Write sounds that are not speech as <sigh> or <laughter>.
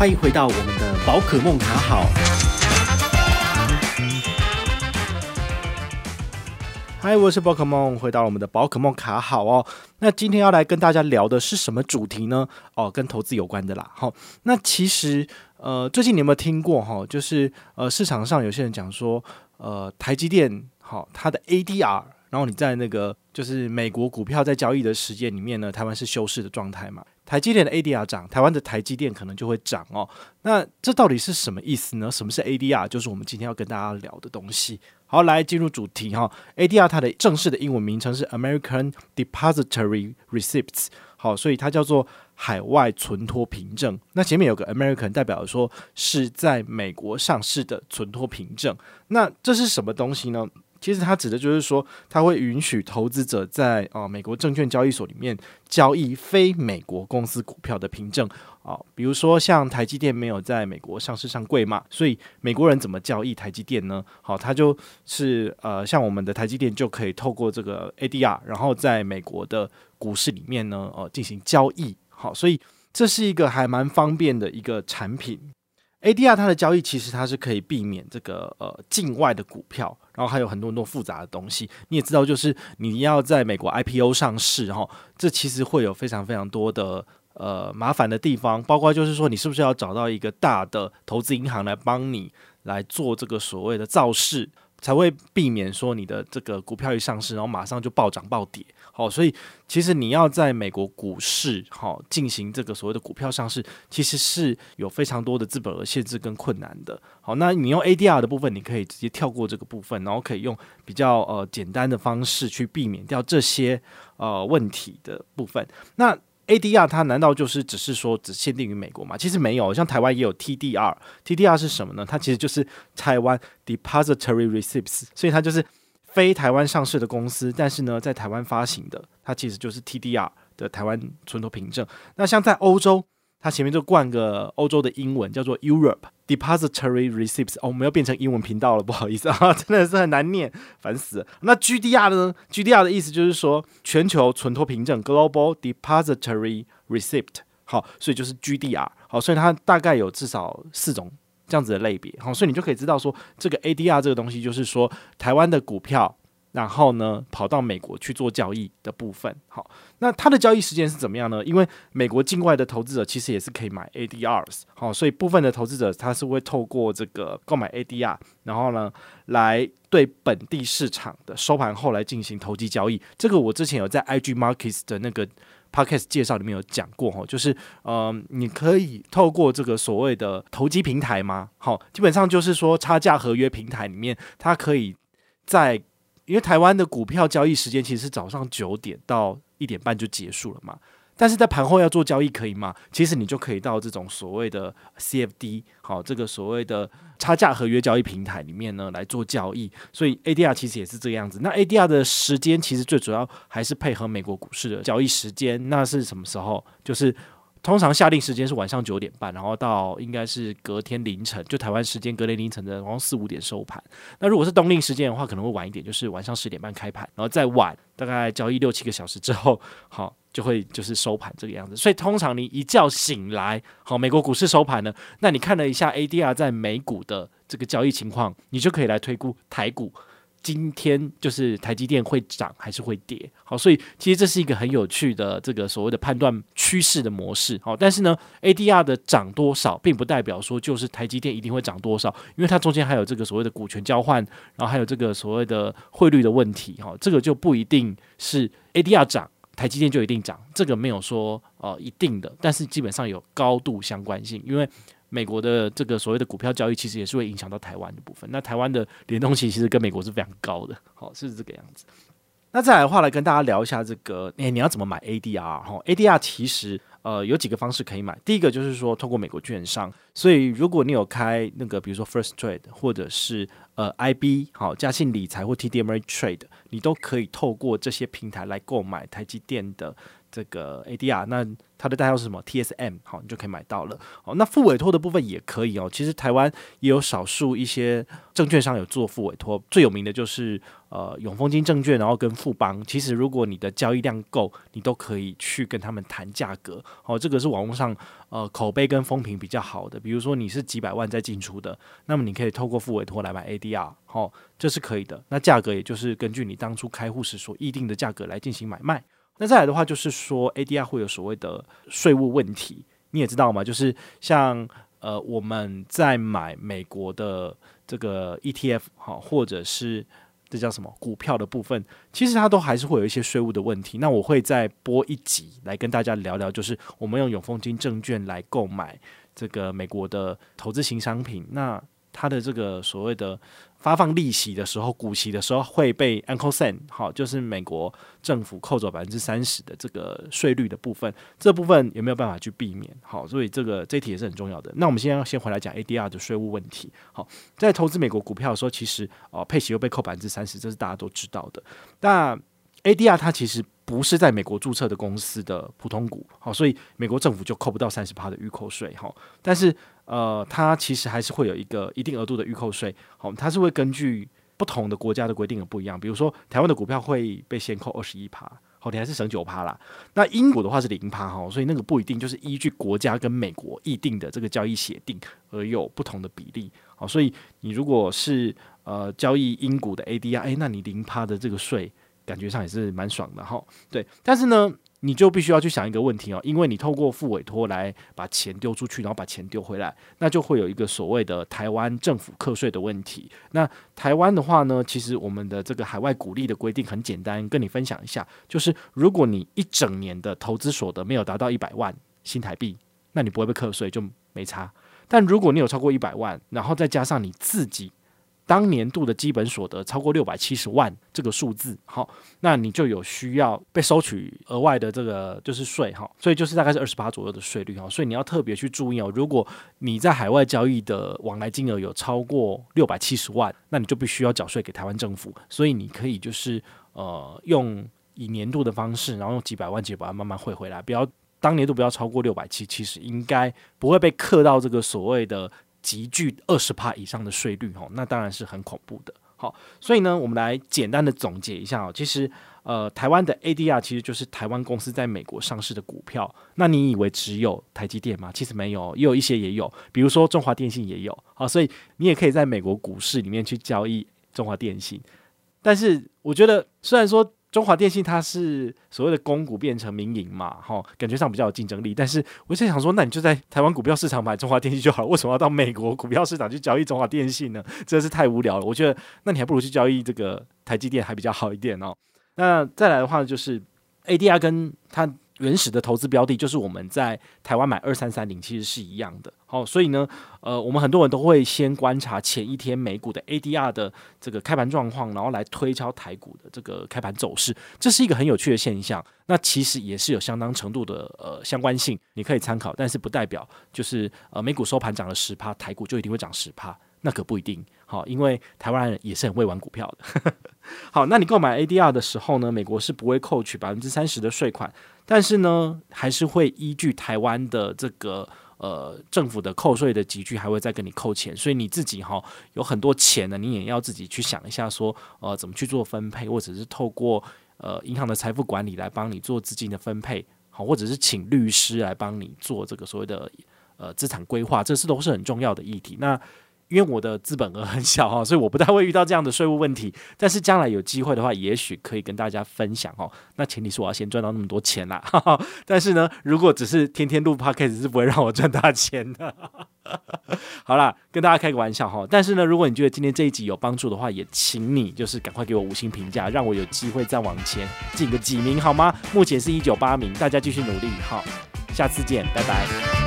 歡迎回到我們的寶可夢卡好。嗨、嗯，嗯、Hi, 我是寶可夢，回到我們的寶可夢卡好哦。那今天要來跟大家聊的是什麼主題呢？哦，跟投資有關的啦。好、哦，那其實呃，最近你有沒有聽過哈、哦？就是呃，市場上有些人講說，呃，台積電好、哦，它的 ADR，然後你在那個就是美國股票在交易的時間裡面呢，台灣是休市的狀態嘛？台積電的 ADR 漲，台灣的台積電可能就會漲哦。那這到底是什麼意思呢？什麼是 ADR？就是我們今天要跟大家聊的東西。好，來進入主題哈、哦。ADR 它的正式的英文名稱是 American Depositary Receipts，好，所以它叫做。海外存託憑證，那前面有個 American，代表說是在美國上市的存託憑證。那這是什麼東西呢？其實它指的就是說，它會允許投資者在啊、呃、美國證券交易所裡面交易非美國公司股票的憑證啊、呃。比如說像台積電沒有在美國上市上櫃嘛，所以美國人怎麼交易台積電呢？好、呃，它就是呃，像我們的台積電就可以透過這個 ADR，然後在美國的股市裡面呢，呃，進行交易。好，所以這是一個還蠻方便的一個產品，ADR 它的交易其實它是可以避免這個呃境外的股票，然後還有很多很多複雜的東西。你也知道，就是你要在美國 IPO 上市，然後這其實會有非常非常多的呃麻煩的地方，包括就是說你是不是要找到一個大的投資銀行來幫你來做這個所謂的造勢。才會避免說你的這個股票一上市，然後馬上就暴漲暴跌。好，所以其實你要在美國股市好，進行這個所謂的股票上市，其實是有非常多的資本額限制跟困難的。好，那你用 ADR 的部分，你可以直接跳過這個部分，然後可以用比較呃簡單的方式去避免掉這些呃問題的部分。那 ADR 它難道就是只是說只限定於美國嗎？其實沒有，像台灣也有 TDR。TDR 是什麼呢？它其實就是台灣 Depository Receipts，所以它就是非台灣上市的公司，但是呢，在台灣發行的，它其實就是 TDR 的台灣存託憑證。那像在歐洲。它前面就冠個歐洲的英文叫做 Europe Depository Receipts，哦，我們要變成英文頻道了，不好意思啊，真的是很難念，煩死。那 GDR 呢？GDR 的意思就是說全球存托憑證 Global Depository Receipt，好，所以就是 GDR，好，所以它大概有至少四種這樣子的類別，好，所以你就可以知道說這個 ADR 這個東西就是說台灣的股票。然後呢，跑到美國去做交易的部分，好，那它的交易時間是怎麼樣呢？因為美國境外的投資者其實也是可以買 ADRs，好，所以部分的投資者他是會透過這個購買 ADR，然後呢，來對本地市場的收盤後來進行投機交易。這個我之前有在 IG Markets 的那個 Podcast 介紹裡面有講過，哈，就是嗯、呃，你可以透過這個所謂的投機平台嗎？好，基本上就是說差價合約平台裡面，它可以在因為台灣的股票交易時間其實是早上九點到一點半就結束了嘛，但是在盤後要做交易可以嗎？其實你就可以到這種所謂的 CFD，好，這個所謂的差價合約交易平台裡面呢，來做交易。所以 ADR 其實也是這個樣子。那 ADR 的時間其實最主要還是配合美國股市的交易時間，那是什麼時候？就是。通常夏令時間是晚上九點半，然後到應該是隔天凌晨，就台灣時間隔天凌晨的，然後四五點收盤。那如果是冬令時間的話，可能會晚一點，就是晚上十點半開盤，然後再晚大概交易六七個小時之後，好，就會就是收盤這個樣子。所以通常你一覺醒來，好，美國股市收盤了，那你看了一下 ADR 在美股的這個交易情況，你就可以來推估台股，今天就是台積電會漲還是會跌？好，所以其實這是一個很有趣的這個所謂的判斷趨勢的模式。好，但是呢，ADR 的漲多少，並不代表說就是台積電一定會漲多少，因為它中間還有這個所謂的股權交換，然後還有這個所謂的匯率的問題。好，這個就不一定是 ADR 漲，台積電就一定漲，這個沒有說呃一定的，但是基本上有高度相關性，因為。美國的這個所謂的股票交易，其實也是會影響到台灣的部分。那台灣的聯動性其實跟美國是非常高的，好，是這個樣子。那再來的話，來跟大家聊一下這個，哎，你要怎麼買 ADR？哈，ADR 其實。呃，有幾個方式可以買。第一個就是說，透過美國券商。所以，如果你有開那個，比如說 Firstrade 或者是呃 IB 好，嘉信理財或 TD Ameritrade，你都可以透過這些平台來購買台積電的這個 ADR。那它的代號是什麼？TSM 好，你就可以買到了。好，那複委託的部分也可以哦。其實台灣也有少數一些證券商有做複委託，最有名的就是呃永豐金證券，然後跟富邦。其實，如果你的交易量夠，你都可以去跟他們談價格。哦，這個是網絡上呃口碑跟風評比較好的。比如說你是幾百萬在進出的，那麼你可以透過複委託來買 ADR，好、哦，這是可以的。那價格也就是根據你當初開戶時所議定的價格來進行買賣。那再來的話就是說 ADR 會有所謂的稅務問題，你也知道嗎？就是像呃我們在買美國的這個 ETF，好、哦，或者是。這叫什麼股票的部分？其實它都還是會有一些稅務的問題。那我會再播一集來跟大家聊聊，就是我們用永豐金證券來購買這個美國的投資型商品。那它的這個所謂的發放利息的時候、股息的時候會被 Uncle Sam 好，就是美國政府扣走百分之三十的這個稅率的部分，這部分有沒有辦法去避免？好，所以這個這一題也是很重要的。那我們先要先回來講 ADR 的稅務問題。好，在投資美國股票的時候，其實哦，配、呃、息又被扣百分之三十，這是大家都知道的。那 ADR 它其實不是在美國註冊的公司的普通股，好，所以美國政府就扣不到三十趴的預扣稅哈。但是呃，它其實還是會有一個一定額度的預扣稅，好、哦，它是會根據不同的國家的規定而不一樣。比如說，台灣的股票會被先扣二十一趴，好、哦，你還是省九趴啦。那英國的話是零趴哈，所以那個不一定就是依據國家跟美國議定的這個交易協定而有不同的比例，好、哦，所以你如果是呃交易英股的 ADR，誒，那你零趴的這個稅，感覺上也是蠻爽的哈、哦。對，但是呢。你就必須要去想一個問題哦，因為你透過複委託來把錢丟出去，然後把錢丟回來，那就會有一個所謂的台灣政府課稅的問題。那台灣的話呢，其實我們的這個海外股利的規定很簡單，跟你分享一下，就是如果你一整年的投資所得沒有達到一百萬新台幣，那你不會被課稅，就沒差。但如果你有超過一百萬，然後再加上你自己。當年度的基本所得超過六百七十萬這個數字，好，那你就有需要被收取額外的這個就是稅哈，所以就是大概是二十八左右的稅率哈，所以你要特別去注意哦。如果你在海外交易的往來金額有超過六百七十萬，那你就必須要繳稅給台灣政府。所以你可以就是呃用以年度的方式，然後用幾百萬幾百萬慢慢匯回來，不要當年度不要超過六百七，其實應該不會被課到這個所謂的。集聚二十趴以上的稅率吼、哦、那當然是很恐怖的。好，所以呢，我們來簡單的總結一下啊、哦。其實，呃，台灣的 ADR 其實就是台灣公司在美國上市的股票。那你以為只有台積電嗎？其實沒有，也有一些也有，比如說中華電信也有。好，所以你也可以在美國股市裡面去交易中華電信。但是，我覺得雖然說。中華電信它是所謂的公股變成民營嘛，哈、哦，感覺上比較有競爭力。但是我就想說，那你就在台灣股票市場買中華電信就好了，為什麼要到美國股票市場去交易中華電信呢？真的是太無聊了。我覺得那你還不如去交易這個台積電還比較好一點哦。那再來的話就是 ADR 跟它原始的投資標的就是我們在台灣買2330，其實是一樣的。好，所以呢，呃，我們很多人都會先觀察前一天美股的 ADR 的這個開盤狀況，然後來推敲台股的這個開盤走勢，這是一個很有趣的現象。那其實也是有相當程度的呃相關性，你可以參考，但是不代表就是呃美股收盤漲了十趴，台股就一定會漲十趴，那可不一定。好，因為台灣人也是很會玩股票的。 <laughs> 好，那你購買 ADR 的時候呢，美國是不會扣取百分之三十的稅款。但是呢，還是會依據台灣的這個呃政府的扣稅的級距，還會再跟你扣錢。所以你自己哈有很多錢呢，你也要自己去想一下說，說呃怎麼去做分配，或者是透過呃銀行的財富管理來幫你做資金的分配，好，或者是請律師來幫你做這個所謂的呃資產規劃，這是都是很重要的議題。那因為我的資本額很小哈，所以我不太會遇到這樣的稅務問題。但是將來有機會的話，也許可以跟大家分享哦。那前提是我要先賺到那麼多錢啦。哈哈，但是呢，如果只是天天錄 p o c t 是不會讓我賺大錢的。哈哈，好了，跟大家開個玩笑哈。但是呢，如果你覺得今天這一集有幫助的話，也請你就是趕快給我五星評價，讓我有機會再往前進個幾名好嗎？目前是一九八名，大家繼續努力哈。下次見，拜拜。